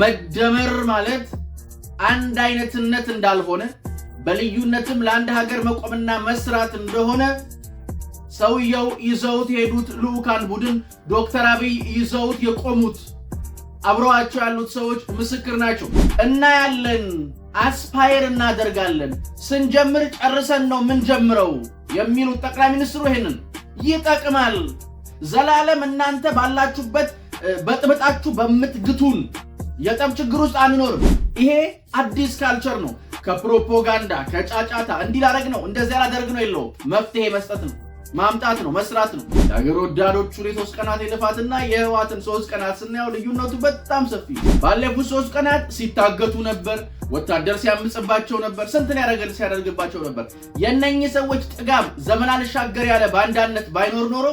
መደመር ማለት አንድ አይነትነት እንዳልሆነ በልዩነትም ለአንድ ሀገር መቆምና መስራት እንደሆነ ሰውየው ይዘውት የሄዱት ልዑካን ቡድን ዶክተር አብይ ይዘውት የቆሙት አብረዋቸው ያሉት ሰዎች ምስክር ናቸው። እናያለን፣ አስፓየር እናደርጋለን፣ ስንጀምር ጨርሰን ነው ምንጀምረው የሚሉት ጠቅላይ ሚኒስትሩ ይሄንን ይጠቅማል። ዘላለም እናንተ ባላችሁበት በጥብጣችሁ በምትግቱን የጠብ ችግር ውስጥ አንኖርም። ይሄ አዲስ ካልቸር ነው። ከፕሮፓጋንዳ ከጫጫታ እንዲህ ላደርግ ነው እንደዚያ ላደርግ ነው የለው መፍትሄ መስጠት ነው ማምጣት ነው መስራት ነው። የሀገር ወዳዶቹን የሶስት ቀናት የልፋትና የህዋትን ሶስት ቀናት ስናየው ልዩነቱ በጣም ሰፊ። ባለፉት ሶስት ቀናት ሲታገቱ ነበር፣ ወታደር ሲያምፅባቸው ነበር፣ ስንትን ያደረገል ሲያደርግባቸው ነበር። የእነኚህ ሰዎች ጥጋብ ዘመን አልሻገር ያለ በአንዳነት ባይኖር ኖሮ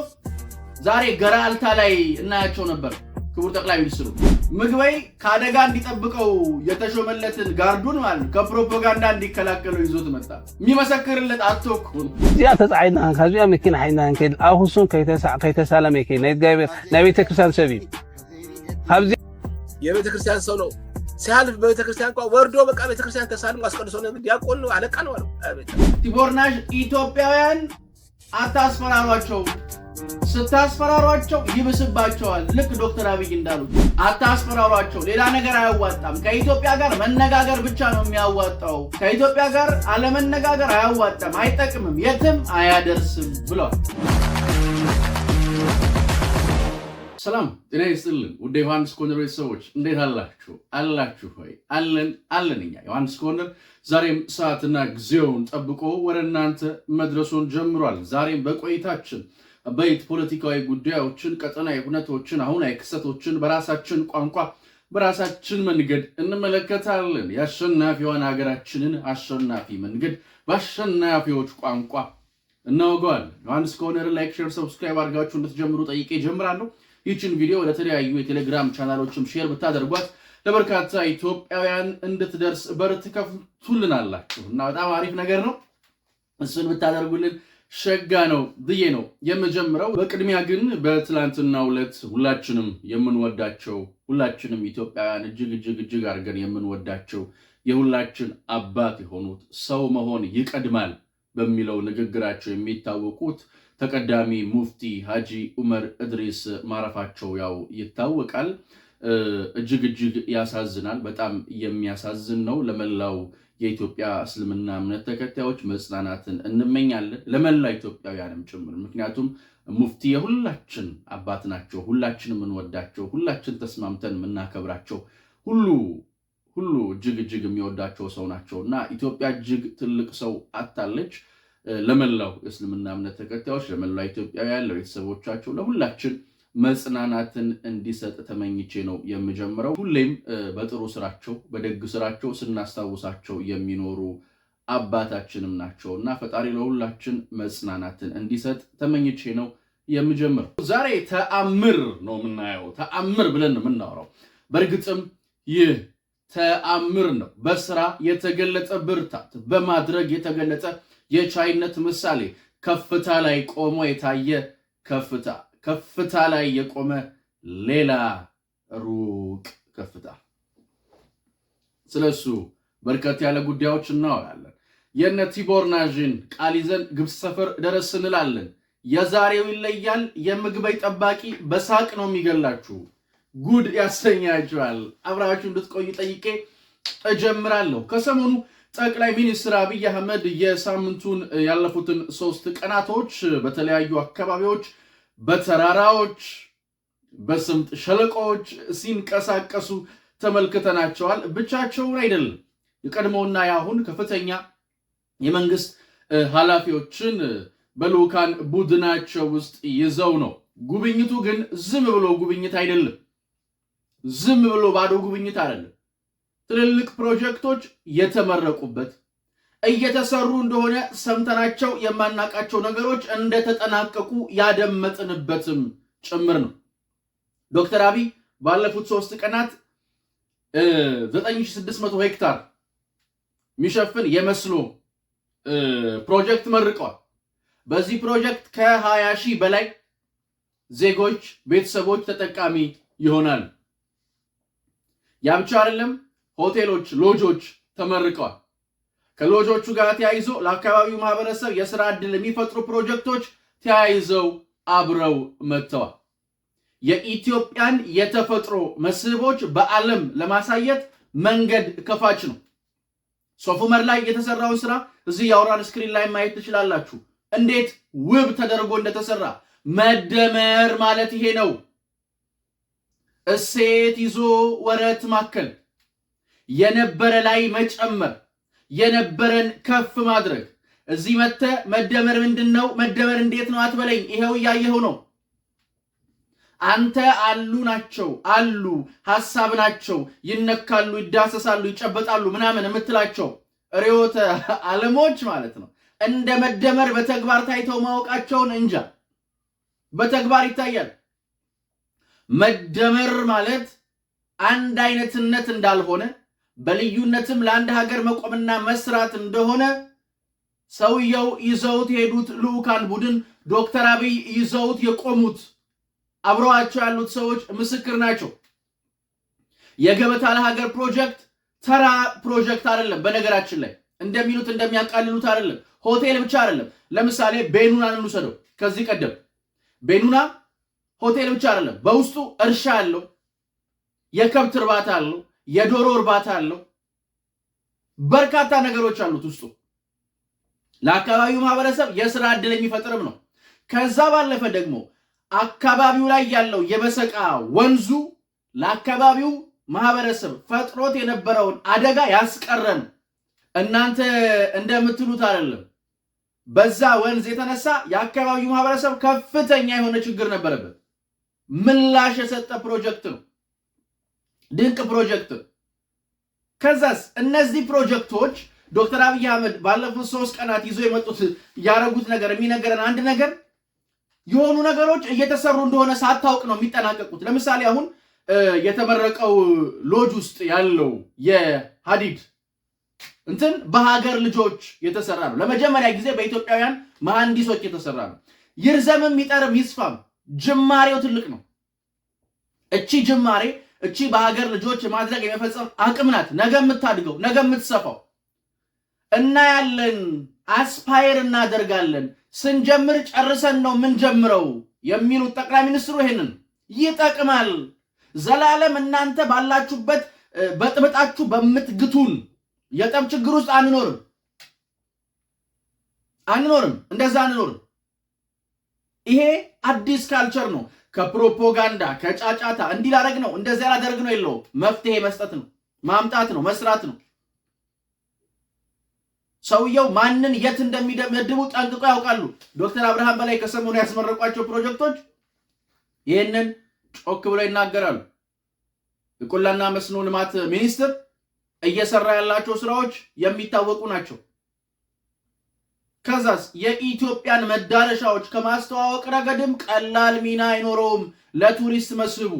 ዛሬ ገራልታ ላይ እናያቸው ነበር። ክቡር ጠቅላይ ሚኒስትሩ ምግበይ ከአደጋ እንዲጠብቀው የተሾመለትን ጋርዱን ማለት ከፕሮፓጋንዳ እንዲከላከለው ይዞት መጣ። የሚመሰክርለት አቶክ እዚያ እዚኣ ከዚያ መኪና ሓይድና ንከይድ ኣብ ክሱም ከይተሳለመ ይከይድ ናይ እግዚኣብሔር ናይ ቤተክርስቲያን ሰብ እዩ ካብዚ የቤተክርስቲያን ሰው ነው ሲያልፍ በቤተክርስቲያን እንኳ ወርዶ በቃ ቤተክርስቲያን ተሳልሞ አስቀድሶ ዲያቆን ነው አለቃ ነው አለው። ቲቦርናሽ ኢትዮጵያውያን አታስፈራሯቸው። ስታስፈራሯቸው ይብስባቸዋል። ልክ ዶክተር አብይ እንዳሉት አታስፈራሯቸው። ሌላ ነገር አያዋጣም። ከኢትዮጵያ ጋር መነጋገር ብቻ ነው የሚያዋጣው። ከኢትዮጵያ ጋር አለመነጋገር አያዋጣም፣ አይጠቅምም፣ የትም አያደርስም ብለዋል። ሰላም ጤና ይስጥልን። ውድ ዮሐንስ ኮርነር ቤተሰቦች እንዴት አላችሁ? አላችሁ ሆይ አለን አለን። እኛ ዮሐንስ ኮርነር ዛሬም ሰዓትና ጊዜውን ጠብቆ ወደ እናንተ መድረሱን ጀምሯል። ዛሬም በቆይታችን በይት ፖለቲካዊ ጉዳዮችን፣ ቀጠናዊ ሁነቶችን፣ አሁናዊ ክስተቶችን በራሳችን ቋንቋ በራሳችን መንገድ እንመለከታለን። የአሸናፊዋን ሀገራችንን አሸናፊ መንገድ በአሸናፊዎች ቋንቋ እናወገዋለን። ዮሐንስ ኮርነር ላይክ፣ ሼር፣ ሰብስክራይብ አድርጋችሁ እንድትጀምሩ ጠይቄ ጀምራለሁ። ይህችን ቪዲዮ ለተለያዩ የቴሌግራም ቻናሎችም ሼር ብታደርጓት ለበርካታ ኢትዮጵያውያን እንድትደርስ በር ትከፍቱልናላችሁ እና በጣም አሪፍ ነገር ነው። እሱን ብታደርጉልን ሸጋ ነው ብዬ ነው የምጀምረው። በቅድሚያ ግን በትላንትናው ዕለት ሁላችንም የምንወዳቸው ሁላችንም ኢትዮጵያውያን እጅግ እጅግ እጅግ አድርገን የምንወዳቸው የሁላችን አባት የሆኑት ሰው መሆን ይቀድማል በሚለው ንግግራቸው የሚታወቁት ተቀዳሚ ሙፍቲ ሀጂ ኡመር እድሪስ ማረፋቸው ያው ይታወቃል። እጅግ እጅግ ያሳዝናል። በጣም የሚያሳዝን ነው። ለመላው የኢትዮጵያ እስልምና እምነት ተከታዮች መጽናናትን እንመኛለን፣ ለመላ ኢትዮጵያውያንም ጭምር። ምክንያቱም ሙፍቲ የሁላችን አባት ናቸው። ሁላችን የምንወዳቸው፣ ሁላችን ተስማምተን የምናከብራቸው፣ ሁሉ ሁሉ እጅግ እጅግ የሚወዳቸው ሰው ናቸው እና ኢትዮጵያ እጅግ ትልቅ ሰው አታለች። ለመላው የእስልምና እምነት ተከታዮች፣ ለመላው ኢትዮጵያውያን፣ ለቤተሰቦቻቸው፣ ለሁላችን መጽናናትን እንዲሰጥ ተመኝቼ ነው የምጀምረው። ሁሌም በጥሩ ስራቸው በደግ ስራቸው ስናስታውሳቸው የሚኖሩ አባታችንም ናቸው እና ፈጣሪ ለሁላችን መጽናናትን እንዲሰጥ ተመኝቼ ነው የምጀምረው። ዛሬ ተአምር ነው የምናየው፣ ተአምር ብለን ነው የምናወራው። በእርግጥም ይህ ተአምር ነው። በስራ የተገለጸ ብርታት፣ በማድረግ የተገለጸ የቻይነት ምሳሌ፣ ከፍታ ላይ ቆሞ የታየ ከፍታ ከፍታ ላይ የቆመ ሌላ ሩቅ ከፍታ። ስለሱ በርከት ያለ ጉዳዮች እናወራለን። የነ ቲቦር ናዥን ቃል ይዘን ግብፅ ሰፈር ደረስ እንላለን። የዛሬው ይለያል። የምግበይ ጠባቂ በሳቅ ነው የሚገላችሁ፣ ጉድ ያሰኛችኋል። አብራችሁ እንድትቆዩ ጠይቄ እጀምራለሁ። ከሰሞኑ ጠቅላይ ሚኒስትር አብይ አህመድ የሳምንቱን ያለፉትን ሶስት ቀናቶች በተለያዩ አካባቢዎች በተራራዎች በስምጥ ሸለቆዎች ሲንቀሳቀሱ ተመልክተናቸዋል። ብቻቸውን አይደለም። የቀድሞውና የአሁን ከፍተኛ የመንግስት ኃላፊዎችን በልዑካን ቡድናቸው ውስጥ ይዘው ነው። ጉብኝቱ ግን ዝም ብሎ ጉብኝት አይደለም። ዝም ብሎ ባዶ ጉብኝት አይደለም። ትልልቅ ፕሮጀክቶች የተመረቁበት እየተሰሩ እንደሆነ ሰምተናቸው የማናቃቸው ነገሮች እንደተጠናቀቁ ያደመጥንበትም ጭምር ነው። ዶክተር አብይ ባለፉት ሶስት ቀናት 9600 ሄክታር የሚሸፍን የመስኖ ፕሮጀክት መርቀዋል። በዚህ ፕሮጀክት ከ20 ሺህ በላይ ዜጎች ቤተሰቦች ተጠቃሚ ይሆናል። ያብቻ አይደለም ሆቴሎች፣ ሎጆች ተመርቀዋል። ከሎጆቹ ጋር ተያይዞ ለአካባቢው ማህበረሰብ የስራ ዕድል የሚፈጥሩ ፕሮጀክቶች ተያይዘው አብረው መጥተዋል። የኢትዮጵያን የተፈጥሮ መስህቦች በዓለም ለማሳየት መንገድ ከፋች ነው። ሶፍ መር ላይ የተሰራውን ስራ እዚህ የአውራን ስክሪን ላይ ማየት ትችላላችሁ። እንዴት ውብ ተደርጎ እንደተሰራ መደመር ማለት ይሄ ነው። እሴት ይዞ ወረት ማከል የነበረ ላይ መጨመር የነበረን ከፍ ማድረግ። እዚህ መተ መደመር ምንድን ነው መደመር እንዴት ነው አትበለኝ፣ ይኸው እያየኸው ነው። አንተ አሉ ናቸው አሉ ሐሳብ ናቸው ይነካሉ፣ ይዳሰሳሉ፣ ይጨበጣሉ ምናምን የምትላቸው ርዕዮተ ዓለሞች ማለት ነው። እንደ መደመር በተግባር ታይተው ማወቃቸውን እንጃ፣ በተግባር ይታያል። መደመር ማለት አንድ አይነትነት እንዳልሆነ በልዩነትም ለአንድ ሀገር መቆምና መስራት እንደሆነ ሰውየው ይዘውት የሄዱት ልዑካን ቡድን ዶክተር አብይ ይዘውት የቆሙት አብረዋቸው ያሉት ሰዎች ምስክር ናቸው። የገበታ ለሀገር ፕሮጀክት ተራ ፕሮጀክት አይደለም። በነገራችን ላይ እንደሚሉት እንደሚያቃልሉት አይደለም። ሆቴል ብቻ አይደለም። ለምሳሌ ቤኑናን እንውሰደው። ከዚህ ቀደም ቤኑና ሆቴል ብቻ አይደለም፣ በውስጡ እርሻ አለው፣ የከብት እርባታ አለው የዶሮ እርባታ አለው። በርካታ ነገሮች አሉት ውስጡ ለአካባቢው ማህበረሰብ የስራ እድል የሚፈጥርም ነው። ከዛ ባለፈ ደግሞ አካባቢው ላይ ያለው የበሰቃ ወንዙ ለአካባቢው ማህበረሰብ ፈጥሮት የነበረውን አደጋ ያስቀረን። እናንተ እንደምትሉት አይደለም። በዛ ወንዝ የተነሳ የአካባቢው ማህበረሰብ ከፍተኛ የሆነ ችግር ነበረበት። ምላሽ የሰጠ ፕሮጀክት ነው። ድንቅ ፕሮጀክት። ከዛስ እነዚህ ፕሮጀክቶች ዶክተር አብይ አህመድ ባለፉት ሶስት ቀናት ይዞ የመጡት ያደረጉት ነገር የሚነገረን አንድ ነገር የሆኑ ነገሮች እየተሰሩ እንደሆነ ሳታውቅ ነው የሚጠናቀቁት። ለምሳሌ አሁን የተመረቀው ሎጅ ውስጥ ያለው የሀዲድ እንትን በሀገር ልጆች የተሰራ ነው። ለመጀመሪያ ጊዜ በኢትዮጵያውያን መሐንዲሶች የተሰራ ነው። ይርዘምም ይጠርም ይስፋም ጅማሬው ትልቅ ነው። እቺ ጅማሬ እቺ በሀገር ልጆች ማድረግ የመፈጸም አቅም ናት። ነገ የምታድገው ነገ የምትሰፋው እናያለን። አስፓየር እናደርጋለን። ስንጀምር ጨርሰን ነው ምንጀምረው የሚሉት ጠቅላይ ሚኒስትሩ ይሄንን ይጠቅማል። ዘላለም እናንተ ባላችሁበት በጥብጣችሁ በምትግቱን የጠብ ችግር ውስጥ አንኖርም አንኖርም፣ እንደዛ አንኖርም። ይሄ አዲስ ካልቸር ነው። ከፕሮፓጋንዳ ከጫጫታ እንዲህ ላደርግ ነው እንደዚያ ላደርግ ነው የለውም። መፍትሄ መስጠት ነው ማምጣት ነው መስራት ነው። ሰውየው ማንን የት እንደሚመድቡ ጠንቅቆ ያውቃሉ። ዶክተር አብርሃም በላይ ከሰሞኑ ያስመረቋቸው ፕሮጀክቶች ይህንን ጮክ ብለው ይናገራሉ። የቆላና መስኖ ልማት ሚኒስትር እየሰራ ያላቸው ስራዎች የሚታወቁ ናቸው። ከዛስ የኢትዮጵያን መዳረሻዎች ከማስተዋወቅ ረገድም ቀላል ሚና አይኖረውም። ለቱሪስት መስህቡ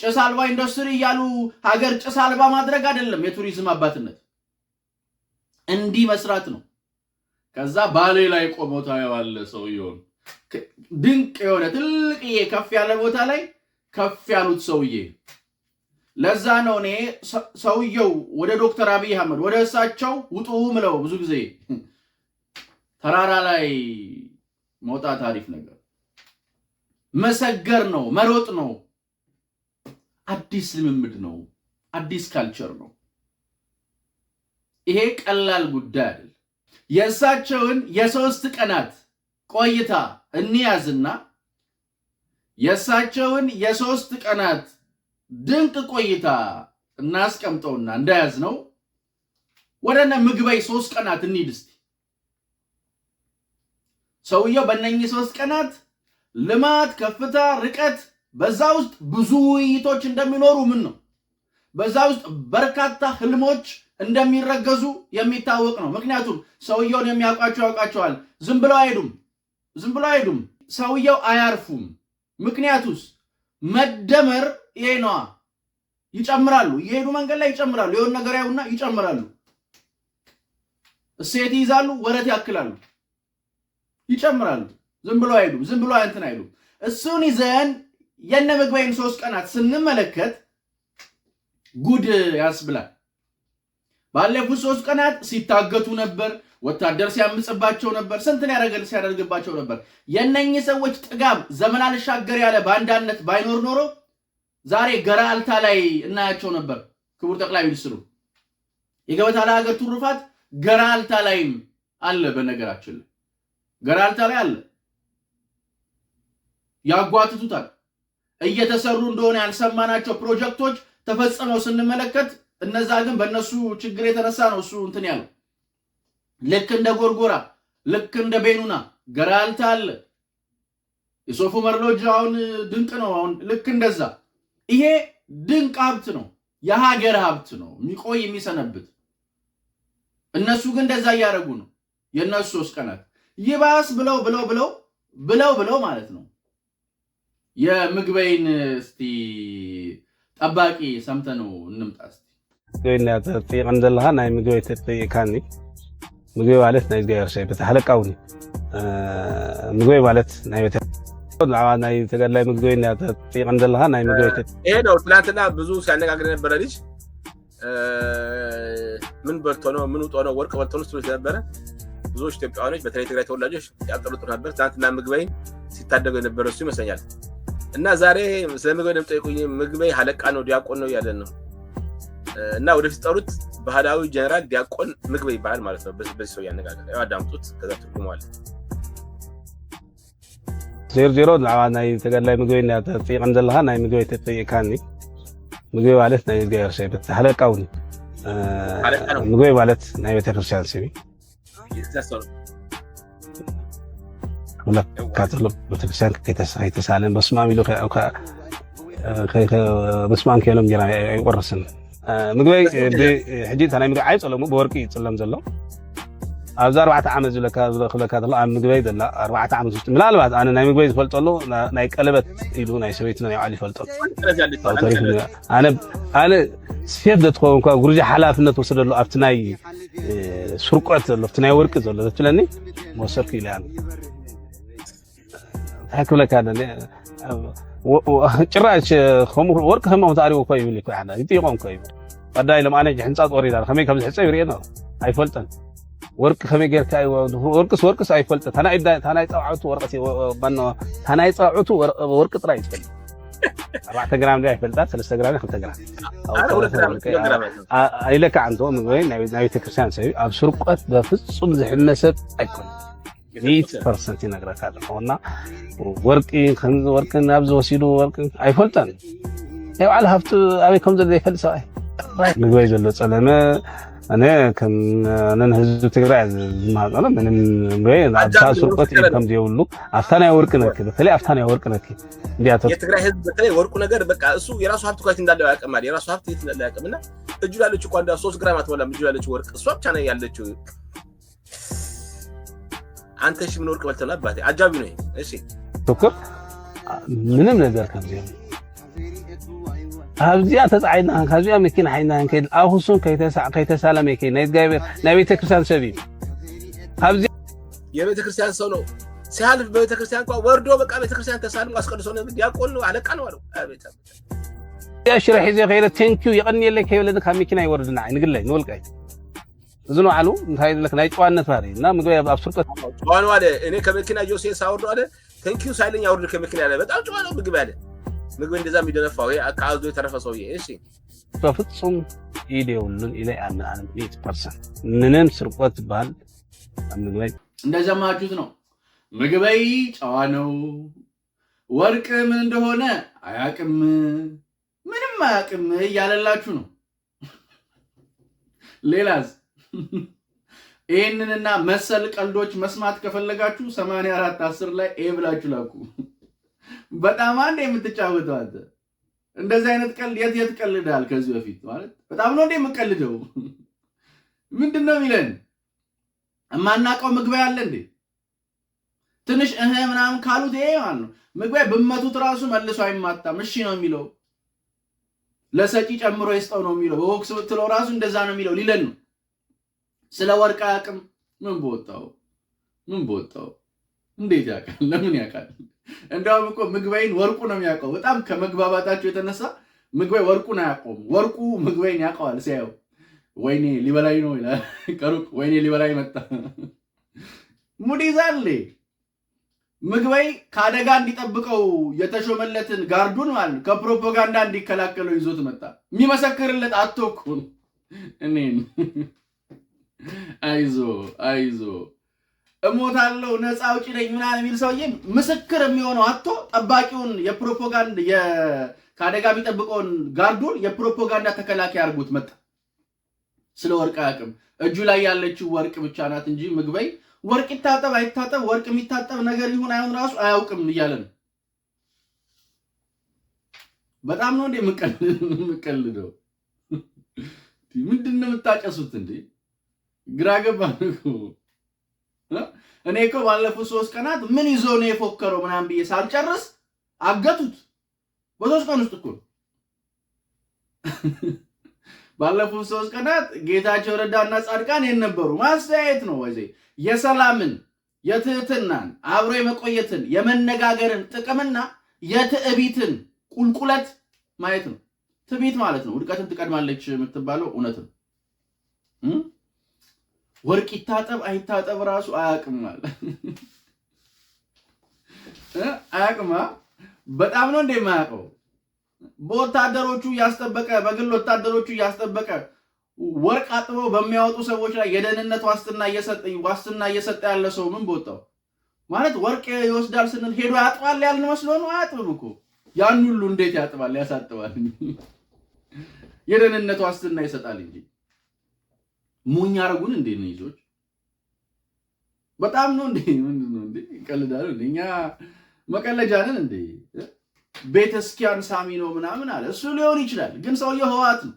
ጭስ አልባ ኢንዱስትሪ እያሉ ሀገር ጭስ አልባ ማድረግ አይደለም የቱሪዝም አባትነት፣ እንዲህ መስራት ነው። ከዛ ባሌ ላይ ቆሞ ታየዋለህ ሰውየውን ድንቅ የሆነ ትልቅዬ ከፍ ያለ ቦታ ላይ ከፍ ያሉት ሰውዬ። ለዛ ነው እኔ ሰውየው ወደ ዶክተር አብይ አህመድ ወደ እሳቸው ውጡ ምለው ብዙ ጊዜ ተራራ ላይ መውጣት አሪፍ ነገር መሰገር ነው፣ መሮጥ ነው፣ አዲስ ልምምድ ነው፣ አዲስ ካልቸር ነው። ይሄ ቀላል ጉዳይ አይደል። የእሳቸውን የሶስት ቀናት ቆይታ እንያዝና የእሳቸውን የሶስት ቀናት ድንቅ ቆይታ እናስቀምጠውና እንደያዝ ነው ወደነ ምግበይ ሶስት ቀናት እንሂድ እስቲ ሰውየው በእነኚህ ሶስት ቀናት ልማት፣ ከፍታ፣ ርቀት በዛ ውስጥ ብዙ ውይይቶች እንደሚኖሩ ምን ነው በዛ ውስጥ በርካታ ህልሞች እንደሚረገዙ የሚታወቅ ነው። ምክንያቱም ሰውየውን የሚያውቋቸው ያውቃቸዋል። ዝም ብለው አይሄዱም፣ ዝም ብለው አይሄዱም። ሰውየው አያርፉም። ምክንያቱስ መደመር ይሄ ነዋ። ይጨምራሉ፣ እየሄዱ መንገድ ላይ ይጨምራሉ። የሆን ነገር ያዩና ይጨምራሉ፣ እሴት ይይዛሉ፣ ወረት ያክላሉ። ይጨምራሉ። ዝም ብሎ አይሉም፣ ዝም ብሎ እንትን አይሉም። እሱን ይዘን የነ ምግባይን ሶስት ቀናት ስንመለከት ጉድ ያስብላል። ባለፉት ሶስት ቀናት ሲታገቱ ነበር። ወታደር ሲያምጽባቸው ነበር። ስንትን ያደረገል ሲያደርግባቸው ነበር። የእነኚህ ሰዎች ጥጋብ ዘመን አልሻገር ያለ በአንዳነት ባይኖር ኖሮ ዛሬ ገራልታ ላይ እናያቸው ነበር። ክቡር ጠቅላይ ሚኒስትሩ የገበታ ለሀገር ትሩፋት ገራልታ ላይም አለ በነገራችን ላይ ገራልታ ላይ አለ። ያጓትቱታል። እየተሰሩ እንደሆነ ያልሰማናቸው ፕሮጀክቶች ተፈጽመው ስንመለከት እነዛ ግን በእነሱ ችግር የተነሳ ነው እሱ እንትን ያለው። ልክ እንደ ጎርጎራ፣ ልክ እንደ ቤኑና ገራልታ አለ። የሶፉ መርሎጅ አሁን ድንቅ ነው። አሁን ልክ እንደዛ ይሄ ድንቅ ሀብት ነው፣ የሀገር ሀብት ነው፣ የሚቆይ የሚሰነብት። እነሱ ግን እንደዛ እያደረጉ ነው። የእነሱ ሶስት ቀናት ይባስ ብለው ብለው ብለው ብለው ብለው ማለት ነው የምግበይን እስቲ ጠባቂ ሰምተነው እንምጣ እስቲ ምግበይና ተጥይቅ ንዘለካ ናይ ምግበይ ተጠይቃኒ ምግበይ ማለት ናይ እግዚአብሔር ሻይ በታ ሃለቃውኒ ምግበይ ማለት ናይ ቤተ ናይ ተገድላይ ምግበይ ና ተጠይቅ ንዘለካ ናይ ምግበይ ይሄ ነው። ትናንትና ብዙ ሲያነጋግር ነበረ ልጅ ምን በልቶ ነው ምን ውጦ ነው ወርቅ በልቶ ነው ነበረ ብዙዎች ኢትዮጵያውያኖች በተለይ ትግራይ ተወላጆች ያጠሉጡ ነበር። ትናንትና ምግበይ ሲታደገው የነበረ እሱ ይመስለኛል። እና ዛሬ ስለ ምግበይ ለምጠይቁኝ ምግበይ ሀለቃ ነው ዲያቆን ነው እያለን ነው። እና ወደፊት ጠሩት ባህላዊ ጀነራል ዲያቆን ምግበይ ይባላል ማለት ነው። በዚህ ሰው እያነጋገ አዳምጡት፣ ከዛ ትርጉመዋል። ዜሮ ዜሮ ናይ ተጋላይ ምግበይ ተጠይቀን ዘለካ ናይ ምግበይ ተጠይካኒ ምግበይ ማለት ናይ እግዚኣብሔር ሃለቃ ሓለቃ እውን ምግበይ ማለት ናይ ቤተክርስትያን ሰብ ዘሶል ቤተክርስቲያን ከይተሳለን በስመ አብ ኢሉ በስመ አብ ከኢሎም ጌራ ኣይቆርስን ምግበይ ሕጂ እንታ ናይ ምግቢ ዓይፀለሙ ብወርቂ ይፅለም ዘሎ ኣብዛ ኣርባዕተ ዓመት ክብለካ ሎ ኣብ ምግበይ ዘላ ኣርባዕተ ዓመት ውሽጢ ምናልባት ኣነ ናይ ምግበይ ዝፈልጠሉ ናይ ቀለበት ኢሉ ናይ ሰበይትና ናይ ባዕሉ ይፈልጠሉ سفيف دتو انكو غروجي حلافنت وسدلو افتناي سرقت افتناي ورق زول دتلني موسرك الى يعني هاكم لك هذا لي وقراش خمر ورق هم متاري وكو يقول لك انا يطيقون كو بداي لما انا جحنصا طوري دار خمي كم حصه يرينا اي فلتن ورق خمي غير كاي ورقس ورقس اي فلتن انا اي انا اي تصعوت ورقتي بنو انا اي تصعوت ورق طرا يتكلم 4 جرام ليه في الباب 3 جرام ليه 5 جرام او 3 جرام الى كعنده من وين ناوي تكرسان سبي اب شرقت بفصم ዝሕመሰብ ኣይኮነ ሚት ፐርሰንት ይነግረካ ኣለኹና ወርቂ ከምዚ ወርቂ ናብዚ ወሲዱ ወርቂ ኣይፈልጠን ናይ ባዕሉ ሃብቲ ኣበይ ከም ዘሎ ይፈልጥ ሰብኣይ ምግበይ ዘሎ ፀለመ ኣነ ከም ነን ትግራይ ዝመሃፀሎ ምንም ኣብታ ስርቆት እዩ ከም ዘይብሉ ኣብታ ናይ ነክ በተለይ ኣብታ ናይ ወርቂ ነክ የትግራይ ህዝቢ በተለይ ወርቁ ነገር በቃ እሱ የራሱ ሃብቲ ኳት እንዳለው ያቀም አለ የራሱ ሃብቲ የት እንዳለው ያቀም እጁ ላለች እኳ እንዳ ሶስት ግራም አትሞላም እጁ ላለች ወርቅ እሷ ብቻ ነው ያለችው። አንተ ሺ ምን ወርቅ በልተላ አባቴ አጃቢ ነው። እሺ ትኩር ምንም ነገር ከም ዘይብሉ ካብዚኣ ተፃዒድና ካብዚኣ መኪና ሓይና ከይድ ኣብ ክሱም ከይተሳለመ ይከይድ ናይ እግዚኣብሔር ናይ ቤተክርስትያን ሰብ እዩ ካብዚ የቤተክርስትያን ሰው ነው ሲያልፍ በቤተክርስቲያን እንኳ ወርዶ በቃ ቤተክርስቲያን ተሳልሞ አስቀድሶ ዲያቆን ነው አለቃ ነው አለው ያ ሒዘ ከይደ ቴንኪዩ የቀኒየለይ ከይበለኒ ካብ መኪና ይወርድና ንግለይ ንወልቀይ እዚ ንባዕሉ እንታይ ለክ ናይ ጨዋነት ባር እና ምግ ኣብ ስርቀት ጨዋ ነው አለ እኔ ከመኪና ጆሴን ሳወርዶ አለ ቴንኪዩ ሳይለኛ አውርድ ከመኪና አለ በጣም ጨዋኖ ነው ምግብ አለ ምግብ እንደዛ የሚደነፋው ከአዞ የተረፈ ሰውዬ እሺ፣ በፍጹም ኢዴውልን ኢላይ አንአንቤት ፐርሰንት ምንም ስርቆት ባል ምግብ እንደሰማችሁት ነው። ምግበይ ጨዋ ነው። ወርቅ ምን እንደሆነ አያቅም፣ ምንም አያቅም እያለላችሁ ነው። ሌላስ ይህንንና መሰል ቀልዶች መስማት ከፈለጋችሁ ሰ4 10 ላይ ኤ ብላችሁ ላኩ። በጣም አንድ የምትጫወተው አንተ እንደዚህ አይነት ቀልድ የት የት ቀልዳል? ከዚህ በፊት ማለት በጣም ነው እንደ የምቀልደው። ምንድን ነው የሚለን? የማናውቀው ምግባይ አለ እንዴ? ትንሽ እህ ምናምን ካሉት ይሄ ማለት ነው ምግባይ ብመቱት ራሱ መልሶ አይማታም። እሺ ነው የሚለው። ለሰጪ ጨምሮ ይስጠው ነው የሚለው። በቦክስ ብትለው ራሱ እንደዛ ነው የሚለው። ሊለን ነው ስለ ወርቅ አያውቅም። ምን በወጣው ምን በወጣው እንዴት ያውቃል? ለምን ያውቃል? እንዲያውም እኮ ምግባይን ወርቁ ነው የሚያውቀው። በጣም ከመግባባታቸው የተነሳ ምግባይ ወርቁን አያውቀውም። ወርቁ ምግባይን ያውቀዋል። ሲያየው ወይኔ ሊበላይ ነው ይላል። ከሩቅ ወይኔ ሊበላይ መጣ። ሙድ ይዛል። ምግባይ ከአደጋ እንዲጠብቀው የተሾመለትን ጋርዱን ማለት ከፕሮፓጋንዳ እንዲከላከለው ይዞት መጣ። የሚመሰክርለት አቶ እኮ እኔን አይዞ አይዞ እሞታለሁ ነፃ አውጪ ነኝ ምናምን የሚል ሰውዬ ምስክር የሚሆነው አቶ ጠባቂውን የፕሮፓጋንዳ ከአደጋ የሚጠብቀውን ጋርዱን የፕሮፓጋንዳ ተከላካይ አድርጎት መጣ። ስለ ወርቅ አያውቅም። እጁ ላይ ያለችው ወርቅ ብቻ ናት እንጂ ምግበይ ወርቅ ይታጠብ አይታጠብ ወርቅ የሚታጠብ ነገር ይሁን አይሁን ራሱ አያውቅም እያለ ነው። በጣም ነው እንዴ የምቀልደው? ምንድን ነው የምታጨሱት እንዴ? ግራ ነው። እኔ እኮ ባለፉት ሶስት ቀናት ምን ይዞ ነው የፎከረው ምናምን ብዬ ሳልጨርስ አገቱት። በሶስት ቀን ውስጥ እኮ ባለፉት ሶስት ቀናት ጌታቸው ረዳና ጻድቃን የት ነበሩ? ማስተያየት ነው ወይ የሰላምን የትህትናን አብሮ የመቆየትን የመነጋገርን ጥቅምና የትዕቢትን ቁልቁለት ማየት ነው። ትዕቢት ማለት ነው ውድቀትን ትቀድማለች የምትባለው እውነት ነው። ወርቅ ይታጠብ አይታጠብ ራሱ አያቅማል አያቅማ። በጣም ነው እንደ የማያውቀው በወታደሮቹ እያስጠበቀ በግል ወታደሮቹ እያስጠበቀ ወርቅ አጥበው በሚያወጡ ሰዎች ላይ የደህንነት ዋስትና እየሰጠ ዋስትና እየሰጠ ያለ ሰው ምን ቦጣው? ማለት ወርቅ ይወስዳል ስንል ሄዶ ያጥባል ያልን መስሎ ነው። አያጥብም እኮ ያን ሁሉ እንዴት ያጥባል? ያሳጥባል፣ የደህንነት ዋስትና ይሰጣል እንጂ ሞኝ አረጉን እንዴ ነው ይዞች በጣም ነው እንዴ ምንድን ነው እንዴ ይቀልዳሉ። እኛ መቀለጃ ነን እንዴ ቤተ ክርስቲያን ሳሚ ነው ምናምን አለ። እሱ ሊሆን ይችላል፣ ግን ሰውየው ህወሓት ነው።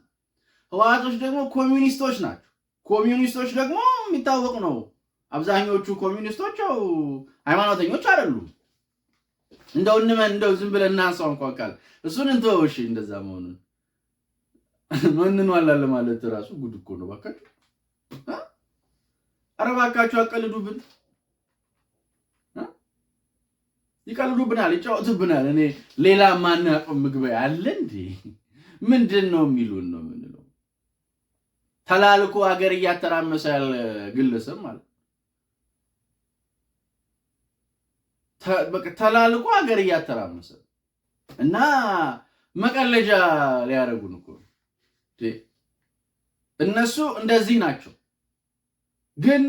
ህወሓቶች ደግሞ ኮሚኒስቶች ናቸው። ኮሚኒስቶች ደግሞ የሚታወቅ ነው። አብዛኞቹ ኮሚኒስቶች ያው ሃይማኖተኞች አይደሉም። እንደው እንመን እንደው ዝም ብለን እናንሳው እንኳን ካል እሱን እንትወው እሺ፣ እንደዛ መሆኑን መንኑ አላለ ማለት ራሱ ጉድ እኮ ነው ባካችሁ። ኧረ እባካችሁ አቀልዱብን፣ ይቀልዱብናል፣ ይጫወቱብናል። እኔ ሌላ ማናውቀው ምግባይ አለ እንዴ? ምንድን ነው የሚሉን ነው የምንለው። ተላልኮ ሀገር እያተራመሰ ያለ ግለሰብ ማለት ተላልቆ ሀገር እያተራመሰ እና መቀለጃ ሊያደርጉን እኮ እነሱ እንደዚህ ናቸው፣ ግን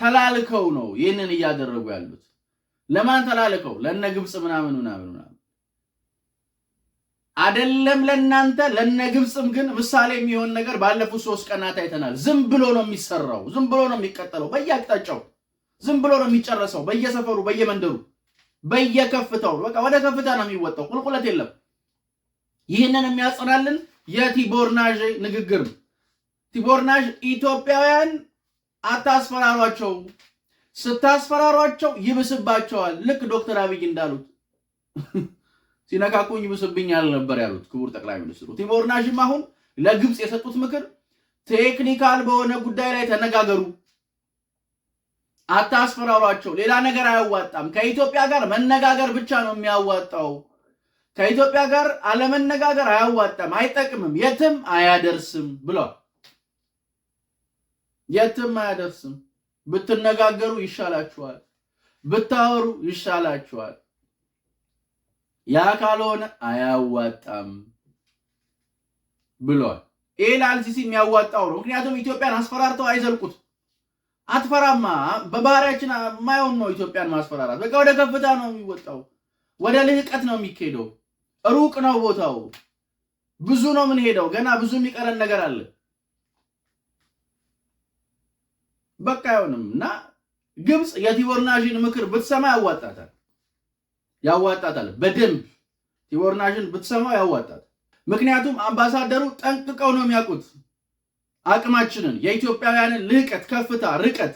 ተላልከው ነው ይህንን እያደረጉ ያሉት። ለማን ተላልከው? ለነ ግብፅ ምናምን ምናምን ምናምን አደለም ለእናንተ ለነ ግብፅም ግን ምሳሌ የሚሆን ነገር ባለፉት ሶስት ቀናት አይተናል። ዝም ብሎ ነው የሚሰራው፣ ዝም ብሎ ነው የሚቀጠለው በየአቅጣጫው፣ ዝም ብሎ ነው የሚጨረሰው በየሰፈሩ፣ በየመንደሩ፣ በየከፍታው። በቃ ወደ ከፍታ ነው የሚወጣው፣ ቁልቁለት የለም። ይህንን የሚያጽናልን የቲቦርናዥ ንግግር ነው። ቲቦርናሽ ኢትዮጵያውያን አታስፈራሯቸው፣ ስታስፈራሯቸው ይብስባቸዋል። ልክ ዶክተር አብይ እንዳሉት ሲነካኩኝ ይብስብኛል ነበር ያሉት ክቡር ጠቅላይ ሚኒስትሩ። ቲቦርናሽም አሁን ለግብፅ የሰጡት ምክር ቴክኒካል በሆነ ጉዳይ ላይ ተነጋገሩ፣ አታስፈራሯቸው። ሌላ ነገር አያዋጣም። ከኢትዮጵያ ጋር መነጋገር ብቻ ነው የሚያዋጣው። ከኢትዮጵያ ጋር አለመነጋገር አያዋጣም፣ አይጠቅምም፣ የትም አያደርስም ብለዋል። የትም አያደርስም። ብትነጋገሩ ይሻላችኋል፣ ብታወሩ ይሻላችኋል። ያ ካልሆነ አያዋጣም ብሏል። ይሄ ለአልሲሲ የሚያዋጣው ነው። ምክንያቱም ኢትዮጵያን አስፈራርተው አይዘልቁት። አትፈራማ፣ በባህሪያችን የማይሆን ነው ኢትዮጵያን ማስፈራራት። በቃ ወደ ከፍታ ነው የሚወጣው፣ ወደ ልህቀት ነው የሚካሄደው። ሩቅ ነው ቦታው፣ ብዙ ነው የምንሄደው። ገና ብዙ የሚቀረን ነገር አለ። በቃ አይሆንም እና ግብፅ የቲቦርናሽን ምክር ብትሰማ ያዋጣታል ያዋጣታል በደንብ ቲቦርናዥን ብትሰማው ያዋጣታል። ምክንያቱም አምባሳደሩ ጠንቅቀው ነው የሚያውቁት አቅማችንን፣ የኢትዮጵያውያንን ልህቀት፣ ከፍታ፣ ርቀት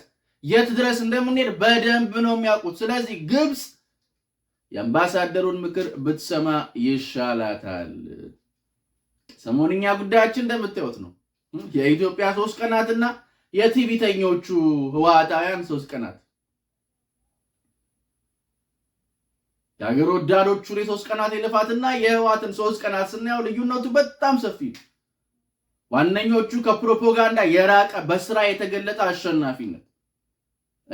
የት ድረስ እንደምንሄድ በደንብ ነው የሚያውቁት። ስለዚህ ግብፅ የአምባሳደሩን ምክር ብትሰማ ይሻላታል። ሰሞንኛ ጉዳያችን እንደምታዩት ነው የኢትዮጵያ ሶስት ቀናትና የትዕቢተኞቹ ህወሓታውያን ሶስት ቀናት የሀገር ወዳዶቹን የሶስት ቀናት የልፋትና የህዋትን ሶስት ቀናት ስናየው ልዩነቱ በጣም ሰፊ ዋነኞቹ ከፕሮፓጋንዳ የራቀ በስራ የተገለጠ አሸናፊነት፣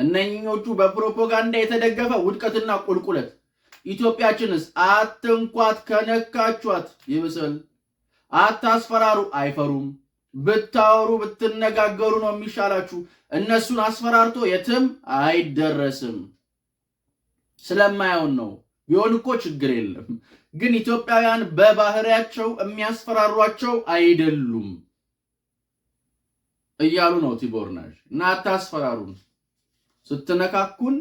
እነኞቹ በፕሮፓጋንዳ የተደገፈ ውድቀትና ቁልቁለት። ኢትዮጵያችንስ አትንኳት፣ ከነካቿት ይብስል። አታስፈራሩ፣ አይፈሩም። ብታወሩ ብትነጋገሩ ነው የሚሻላችሁ። እነሱን አስፈራርቶ የትም አይደረስም። ስለማየውን ነው። ቢሆን እኮ ችግር የለም። ግን ኢትዮጵያውያን በባህሪያቸው የሚያስፈራሯቸው አይደሉም እያሉ ነው ቲቦርናሽ እና አታስፈራሩን፣ ስትነካኩን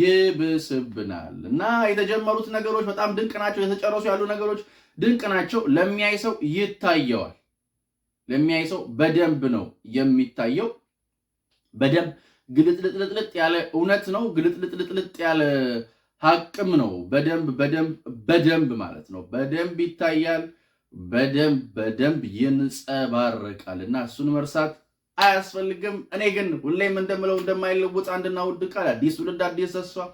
ይብስብናል እና የተጀመሩት ነገሮች በጣም ድንቅ ናቸው። የተጨረሱ ያሉ ነገሮች ድንቅ ናቸው። ለሚያይ ሰው ይታየዋል። ለሚያይ ሰው በደንብ ነው የሚታየው። በደንብ ግልጥልጥልጥ ያለ እውነት ነው። ግልጥልጥልጥ ያለ ሀቅም ነው። በደንብ በደንብ በደንብ ማለት ነው። በደንብ ይታያል። በደንብ በደንብ ይንጸባረቃል እና እሱን መርሳት አያስፈልግም። እኔ ግን ሁሌም እንደምለው እንደማይለውጥ አንድና ውድ ቃል አዲስ ውልድ አዲስ ተስፋ፣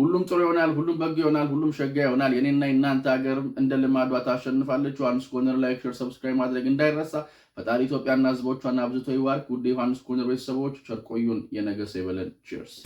ሁሉም ጥሩ ይሆናል፣ ሁሉም በጎ ይሆናል፣ ሁሉም ሸጋ ይሆናል። የኔና የእናንተ ሀገርም እንደ ልማዷ ታሸንፋለች። ዮሐንስ ኮርነር ላይክ፣ ሼር፣ ሰብስክራይብ ማድረግ እንዳይረሳ። ፈጣሪ ኢትዮጵያና ህዝቦቿን አብዝቶ ይባርክ። ውድ ዮሐንስ ኮርነር ቤተሰቦች ቸር ቆዩን። የነገ ይበለን። ቺርስ